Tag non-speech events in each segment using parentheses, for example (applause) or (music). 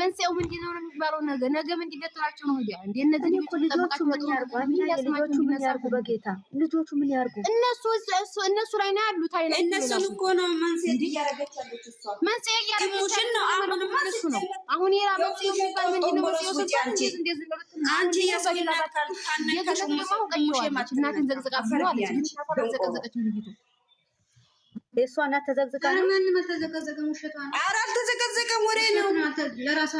መንስኤው ምንድን ነው የሚባለው? ነገ ነገ ምን እንዲደተራቸው ነው? ወዲያ እንዴ እነዚህ ልጆቹ ምን ያርጉ? ልጆቹ ምን ያርጉ? በጌታ ልጆቹ ምን ያርጉ? እነሱ እነሱ ላይ ነው ያሉት። አይ እነሱን እኮ ነው መንስኤ እያደረገች ያለች መንስኤ እያደረገች ነው። አሁን እሱ ነው አሁን የራ መንስኤ ሲባል ምንድን ነው መንስኤው? ሰጣንቺ አንቺ ያሰግናል ካልካነ ከሽሙ ቀይሽ ማጭ እናትን ዘቅዘቃ ብሎ አለች። ዘቅዘቀች ልጅቱ የእሷ እናት ተዘግዝቃ ነው። አልተዘቀዘቀም፣ ወሬ ነው። ለራሷ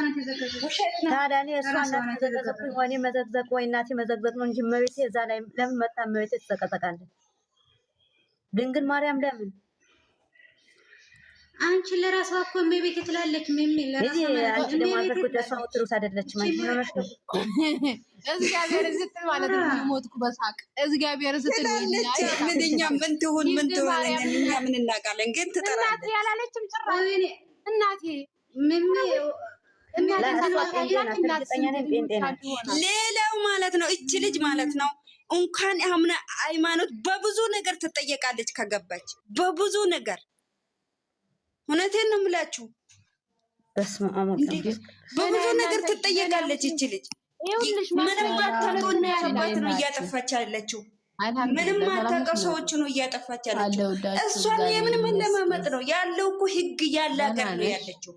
ታዲያ እኔ እሷ እናት ተዘቀዘቅኩኝ፣ ወኔ መዘግዘቅ ወይ እናቴ መዘግዘቅ ነው እንጂ መቤቴ እዛ ላይ ለምን መጣ? መቤቴ ትዘቀዘቃለች። ድንግል ማርያም ለምን አንቺ ለራሷ እኮ እመቤቴ ትላለች። ትሩስ እግዚአብሔር ስትል ማለት ነው ምን ትሁን ምን ትሆን እኛ ምን እናውቃለን? ግን ትጠራለች ያላለችም ጭራሽ እናቴ ሌላው ማለት ነው እች ልጅ ማለት ነው እንኳን አምና ሃይማኖት በብዙ ነገር ትጠየቃለች ከገባች በብዙ ነገር እውነቴን ነው የምላችሁ። በብዙ ነገር ትጠየቃለች ይች ልጅ። ምንም አታውቀው እና ያባት ነው እያጠፋች ያለችው። ምንም አታውቀው ሰዎች ነው እያጠፋች ያለችው። እሷን የምን መለማመጥ ነው ያለው እኮ ህግ ያለ ሀገር ነው ያለችው።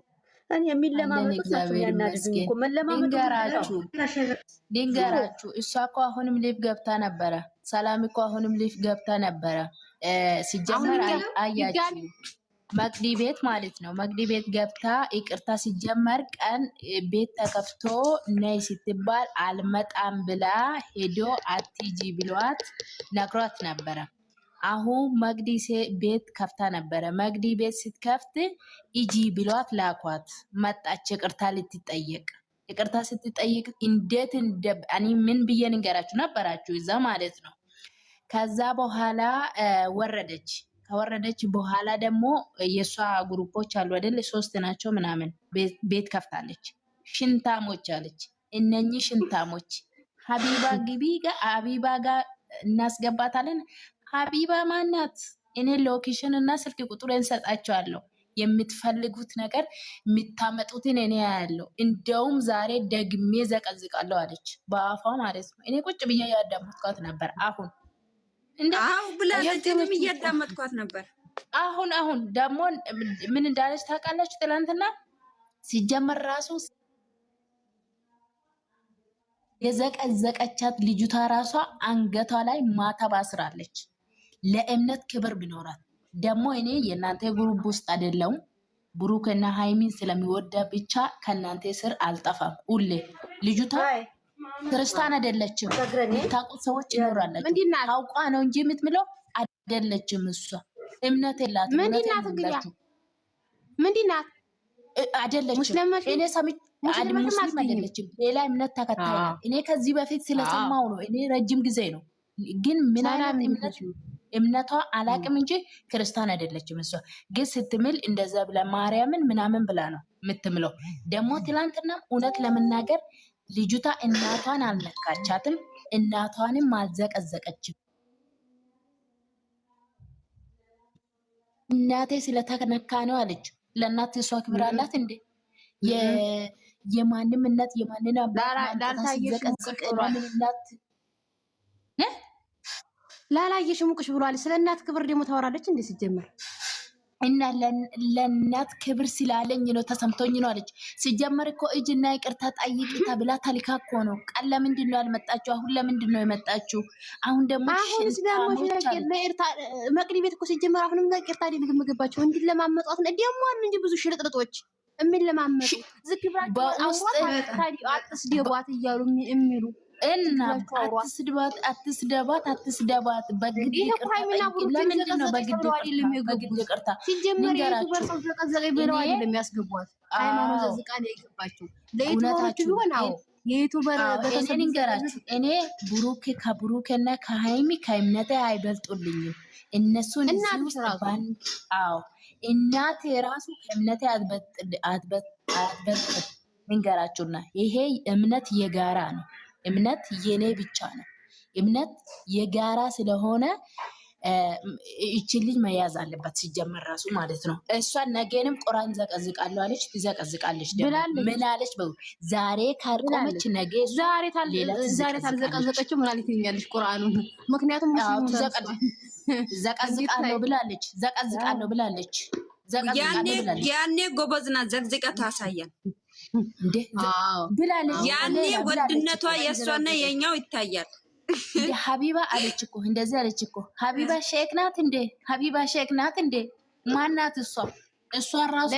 ሊንገራችሁ እሷ እኮ አሁንም ሊፍ ገብታ ነበረ። ሰላም እኮ አሁንም ሊፍ ገብታ ነበረ። ሲጀመር አያችሁ መቅዲ ቤት ማለት ነው። መቅዲ ቤት ገብታ ይቅርታ ሲጀመር ቀን ቤት ተከፍቶ ነይ ስትባል አልመጣም ብላ ሄዶ አትጂ ብሏት ነግሯት ነበረ። አሁን መግዲ ቤት ከፍታ ነበረ። መግዲ ቤት ስትከፍት እጂ ብሏት ላኳት። መጣች ይቅርታ ልትጠየቅ። ይቅርታ ስትጠይቅ እንዴት እኔ ምን ብዬ ንገራችሁ ነበራችሁ እዛ ማለት ነው። ከዛ በኋላ ወረደች ከወረደች በኋላ ደግሞ የእሷ ግሩፖች አሉ አይደል? ሶስት ናቸው ምናምን ቤት ከፍታለች። ሽንታሞች አለች። እነኚህ ሽንታሞች ሀቢባ ግቢ ሀቢባ ጋር እናስገባታለን። ሀቢባ ማናት? እኔ ሎኬሽን እና ስልክ ቁጥር እንሰጣቸዋለሁ። የምትፈልጉት ነገር የምታመጡትን እኔ ያለው እንደውም ዛሬ ደግሜ ዘቀዝቃለሁ አለች፣ በአፏ ማለት ነው። እኔ ቁጭ ብዬ ያዳምጥኳት ነበር አሁን ብላችሁም እያዳመጥኳት ነበር። አሁን አሁን ደግሞ ምን እንዳለች ታውቃላችሁ? ትላንትና ሲጀመር ራሱ የዘቀዘቀቻት ልጅቷ ራሷ አንገቷ ላይ ማተብ አስራለች። ለእምነት ክብር ቢኖራት ደግሞ እኔ የእናንተ ግሩፕ ውስጥ አይደለሁም። ብሩክና ሃይሚን ስለሚወዳ ብቻ ከእናንተ ስር አልጠፋም። ሁሌ ልጅቷ ክርስቲያን አይደለችም። ታውቁት ሰዎች ይኖራላችሁ። አውቋ ነው እንጂ የምትምለው አይደለችም። እሷ እምነት የላትም። ምንድን ናት? አይደለችም። እኔ ሰምቼ ሙስሊም አይደለችም። ሌላ እምነት ተከታይ ናት። እኔ ከዚህ በፊት ስለሰማው ነው። እኔ ረጅም ጊዜ ነው ግን ምን አይነት እምነት እምነቷ አላቅም እንጂ ክርስቲያን አይደለችም። እሷ ግን ስትምል እንደዛ ብላ ማርያምን ምናምን ብላ ነው የምትምለው። ደግሞ ትላንትና እውነት ለመናገር ልጅቷ እናቷን አልነካቻትም፣ እናቷንም አልዘቀዘቀችም። እናቴ ስለተነካ ነው አለች። ለእናት እሷ ክብር አላት እንዴ? የማንም እናት የማንን ላላየሽ ሙቅሽ ብሏል። ስለ እናት ክብር ደግሞ ታወራለች እንዴ ሲጀመር እና ለእናት ክብር ስላለኝ ነው ተሰምቶኝ ነው አለች። ሲጀመር እኮ እጅና ይቅርታ ጠይቂ ተብላ ተልካ እኮ ነው። ቀን ለምንድን ነው ያልመጣችሁ? አሁን ለምንድን ነው የመጣችሁ? አሁን ደግሞ መቅዲ ቤት እኮ ሲጀመር አሁንም ይቅርታ አደልግ ምግባቸው እንዲ ለማመጧት ነው ደግሞ አሉ እንጂ ብዙ ሽርጥርጦች የሚለማመጡ ዝግ አጥስ አስደቧት እያሉ የሚሉ እና አትስድባት፣ አትስደባት፣ አትስደባት። በግድ ለምንድን ነው በግድ ይቅርታ ንገራችሁ? እኔ ብሩኬ ከብሩኬና ከሀይሚ ከእምነት አይበልጡልኝም። እነሱን እናት የራሱ ከእምነቴ አትበልጥም። ንገራችሁና ይሄ እምነት የጋራ ነው። እምነት የኔ ብቻ ነው። እምነት የጋራ ስለሆነ ይችን ልጅ መያዝ አለባት። ሲጀመር ራሱ ማለት ነው። እሷን ነገንም ቁራን ዘቀዝቃለሁ አለች፣ ትዘቀዝቃለች። ምን አለች? ዛሬ ካልቆመች ነገ ዛሬ ታልዘቀዘቀችው ምን ትኛለች ቁርአኑ። ምክንያቱም ዘቀዝቃለሁ ብላለች፣ ዘቀዝቃለሁ ብላለች። ያኔ ጎበዝና ዘቅዝቀ ታሳያል። ብላለች። ያኔ ወድነቷ የእሷና የኛው ይታያል። ሀቢባ አለች እኮ እንደዚህ አለች እኮ ሀቢባ ሼክ ናት እንዴ? ሀቢባ ሼክ ናት እንዴ? ማናት እሷ? እሷ ራሷ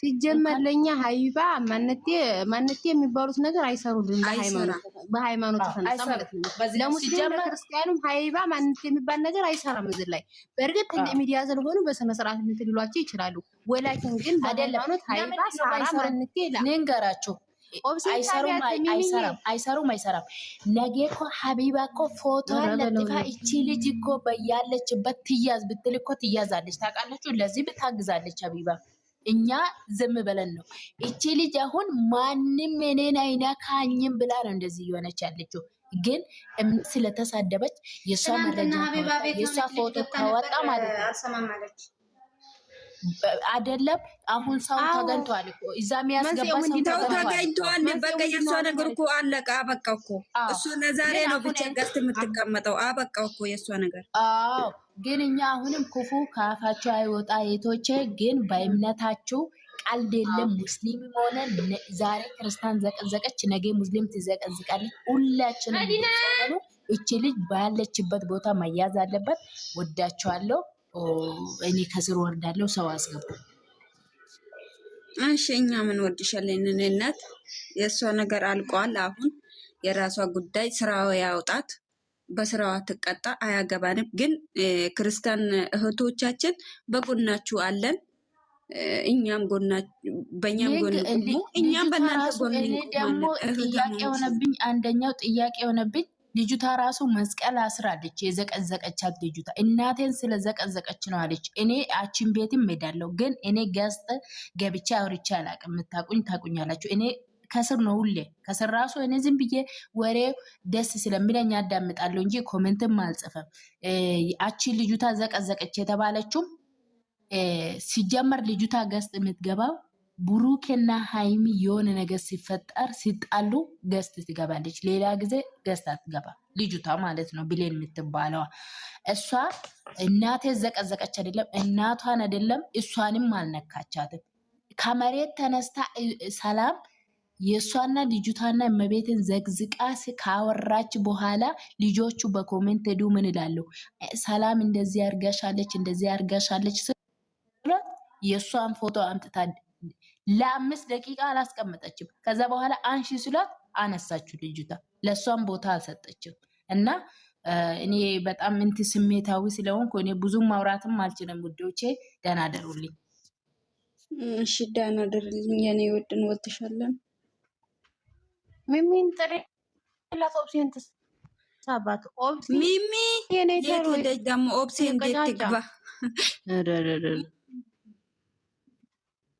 ሲጀመር ለእኛ ሀቢባ ማነቴ የሚባሉት ነገር አይሰሩልን። በሃይማኖት ተነሳ ማለት ነው። ለሙስሊም ሀቢባ ማነቴ የሚባል ነገር አይሰራም። እዚህ ላይ በእርግጥ እንደ ሚዲያ ስለሆኑ በስነስርዓት እንትን ሊሏቸው ይችላሉ። ወላኪን ግን በሃይማኖት ሀቢባ ሳራ ማነቴ ላ ንንገራቸው አይሰሩም አይሰራም። ነገ እኮ ሀቢባ እኮ ፎቶ ለጥፋ እቺ ልጅ እኮ ትያዝ ብትል እኮ ትያዛለች። ታውቃላችሁ፣ ታግዛለች ሀቢባ። እኛ ዝም ብለን ነው። እቺ ልጅ አሁን ማንም እኔን አይነካኝም ብላ ነው እንደዚህ እየሆነች ያለችው። ግን ስለተሳደበች የእሷ መረጃ የእሷ ፎቶ ከወጣ ማለት ነው አይደለም። አሁን ሰው ተገኝቷል እኮ እዛ የሚያስገባ ሰው ተገኝቷል። በቃ የእሷ ነገር እኮ አለቀ፣ አበቃ እኮ እሱ ለዛሬ ነው ብቻ ገዝት የምትቀመጠው አበቃ እኮ የእሷ ነገር። አዎ ግን እኛ አሁንም ክፉ ከአፋቸው አይወጣ። የቶቼ ግን በእምነታችሁ ቀልድ የለም። ሙስሊም ሆነ ዛሬ ክርስቲያን ዘቀዘቀች፣ ነገ ሙስሊም ትዘቀዝቃለች። ሁላችንም እቺ ልጅ ባለችበት ቦታ መያዝ አለበት። ወዳችኋለሁ። እኔ ከስር ወርዳለሁ፣ ሰው አስገቡ። እሺ እኛ ምን ወድሻለን? እናት የእሷ ነገር አልቋል። አሁን የራሷ ጉዳይ ስራው ያውጣት፣ በስራዋ ትቀጣ፣ አያገባንም። ግን ክርስቲያን እህቶቻችን በጎናችሁ አለን። እኛም ጎና በእኛም ጎን እኛም በእናንተ ጎን ደግሞ ጥያቄ የሆነብኝ አንደኛው ጥያቄ የሆነብኝ ልጅቷ ራሱ መስቀል አስራለች። የዘቀዘቀቻት ልጅቷ እናቴን ስለዘቀዘቀች ነው አለች። እኔ አችን ቤትም ሄዳለሁ፣ ግን እኔ ገስጥ ገብቼ አውርቼ አላቅም። የምታቁኝ ታቁኛላችሁ። እኔ ከስር ነው ሁሌ ከስር ራሱ እኔ ዝም ብዬ ወሬ ደስ ስለሚለኝ አዳምጣለሁ እንጂ ኮሜንትም አልጽፈም። አችን ልጅቷ ዘቀዘቀች የተባለችውም ሲጀመር ልጅቷ ገስጥ የምትገባው ብሩኬና ሀይሚ የሆነ ነገር ሲፈጠር ሲጣሉ ገስት ትገባለች። ሌላ ጊዜ ገስት አትገባ ልጅቷ ማለት ነው። ብሌን የምትባለዋ እሷ እናቴ ዘቀዘቀች አይደለም እናቷን አይደለም እሷንም አልነካቻትም። ከመሬት ተነስታ ሰላም የእሷና ልጅቷና እመቤትን ዘግዝቃ ካወራች በኋላ ልጆቹ በኮሜንት ሄዱ ምን ይላሉ? ሰላም እንደዚህ አርጋሻለች እንደዚህ አርጋሻለች የእሷን ፎቶ አምጥታ ለአምስት ደቂቃ አላስቀመጠችም። ከዛ በኋላ አንሺ ስሏት አነሳችሁ ልጅቷ። ለእሷም ቦታ አልሰጠችም እና እኔ በጣም እንት ስሜታዊ ስለሆንኩ እኔ ብዙም ማውራትም አልችልም። ውዶቼ ደህና ደሩልኝ። እሺ ደህና ደርልኝ የኔ ወድን ወትሻለን ሚሚን ጥሪ ላሶብሴን ትሳባት ኦብሲ ሚሚ የኔ ደሞ ኦብሴ እንዴት ትግባ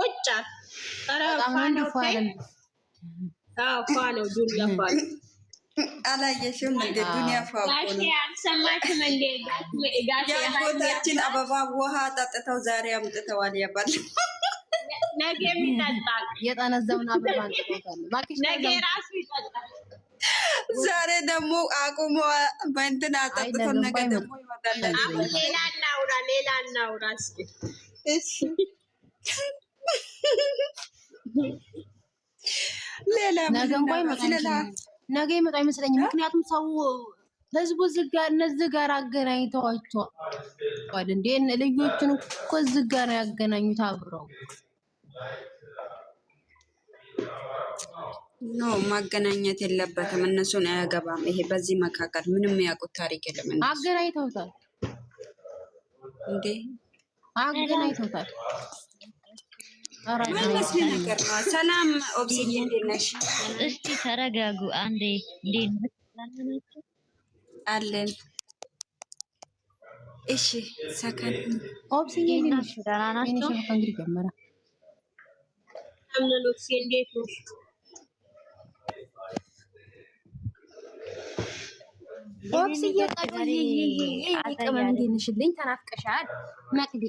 ቁጫ ነው። ዱንያ ፋ (laughs) አላየሽም እንዴ? ዱንያ ፋ እንዴ? የቦታችን አበባ ውሃ ጠጥተው ዛሬ አምጥተዋል ያባል ነገ ይጠጣል። የጠነዘውን አበባ ነገ ራሱ ይጠጣል። ዛሬ ደግሞ አቁሞ በእንትን አጠጥቶ ነገ ደግሞ ይመጣል። ሌላ እናውራ፣ ሌላ እናውራ እስኪ ነገ እንኳ ይመጣ አይመስለኝም። ምክንያቱም ሰው ህዝቡ እነዚህ ጋር አገናኝተዋቸዋል። እንዴ ልጆችን እኮ እዚህ ጋር ያገናኙት አብረው ኖ ማገናኘት የለበትም። እነሱን አያገባም። ይሄ በዚህ መካከል ምንም ያውቁት ታሪክ የለም። አገናኝተውታል እንዴ አገናኝተውታል። ምን እስቲ ተረጋጉ አንዴ። እንዴት ነሽ? አለን። እሺ ሰከን ኦብሴት፣ እንዴት ነሽ? እንዴት ነሽልኝ? ተናፍቀሻል መቅዲ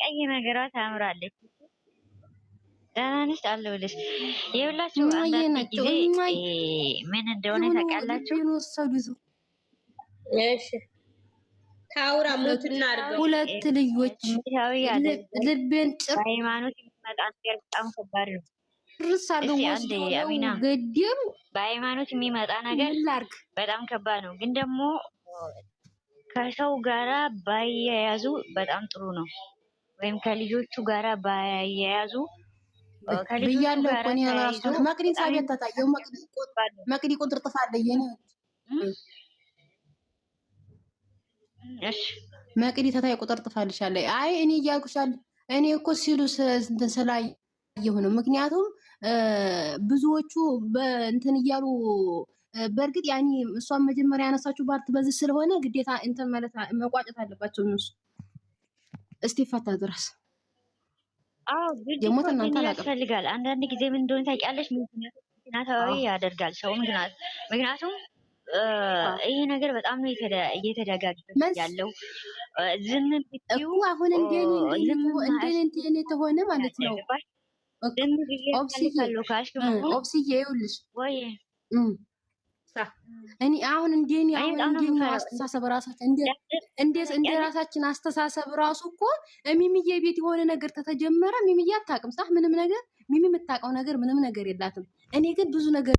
ቀይ ነገሯ ታምራለች። ደህና ነሽ አለሁልሽ። የሁላችሁ አንዳንድ ጊዜ ምን እንደሆነ ታውቃላችሁ? ታውራ ሞትና ሁለት ልጆች ልቤን ጭር በሃይማኖት የሚመጣ ነገር በጣም ከባድ ነው። በሃይማኖት የሚመጣ ነገር በጣም ከባድ ነው ግን ደግሞ ከሰው ጋራ ባያያዙ በጣም ጥሩ ነው። ወይም ከልጆቹ ጋራ ባያያዙ መቅዲ ተታይ ቁጥር ጥፋልሻለ። አይ እኔ እያልኩሻል እኔ እኮ ሲሉ እንትን ስላየሁ ነው። ምክንያቱም ብዙዎቹ በእንትን እያሉ በእርግጥ ያኔ እሷን መጀመሪያ ያነሳችሁ ባርት በዚህ ስለሆነ ግዴታ እንትን ማለት መቋጨት አለባቸው እነሱ እስኪፈታ ድረስ። ደግሞ እናንተ ያስፈልጋል። አንዳንድ ጊዜ ምን እንደሆነ ታውቂያለሽ፣ ምክንያታዊ ያደርጋል ሰው። ምክንያቱም ይሄ ነገር በጣም ነው እየተደጋገመ ያለው። ዝም ብትይው አሁን እንደኔ እንደኔ ተሆነ ማለት ነው። ኦብስዬ ይኸውልሽ እኔ አሁን እንደኔ አሁን እንደኔ አስተሳሰብ ራሳችን እንደ እንደ ራሳችን አስተሳሰብ ራሱ እኮ ሚሚዬ ቤት የሆነ ነገር ተተጀመረ ሚሚዬ አታውቅም፣ ምንም ነገር ሚሚ የምታውቀው ነገር ምንም ነገር የላትም። እኔ ግን ብዙ ነገር